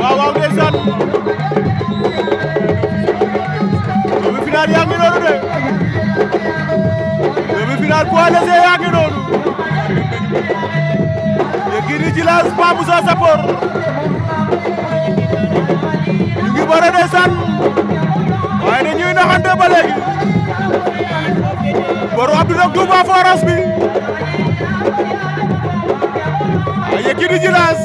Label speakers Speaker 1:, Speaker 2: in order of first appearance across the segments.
Speaker 1: waaw waaw ndeysaan demi final yaa ngi noonu de demi final poids léger yaa ngi noonu Yékini Djilass Pape Moussa Sapor ñu ngi bëre ndeysaan waaye dañuy naxante ba léegi boru Abdou Ndock Touba forage bi Yékini Djilass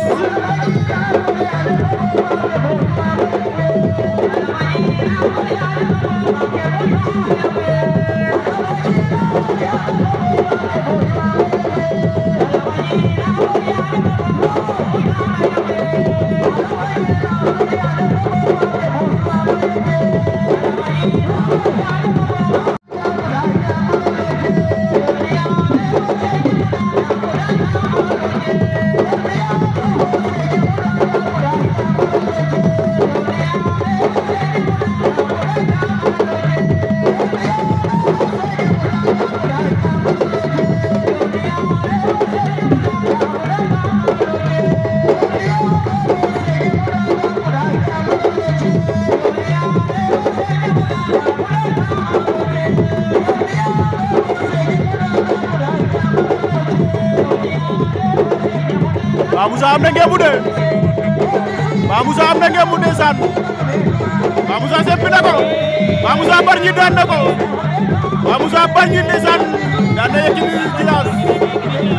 Speaker 1: Ba Moussa am na ngeemu de Ba Moussa am na ngeemu ndeysaan Ba Moussa seppi na ko Ba Moussa barñi daan na ko Ba Moussa barñi ndeysaan daan na Yékini Djilass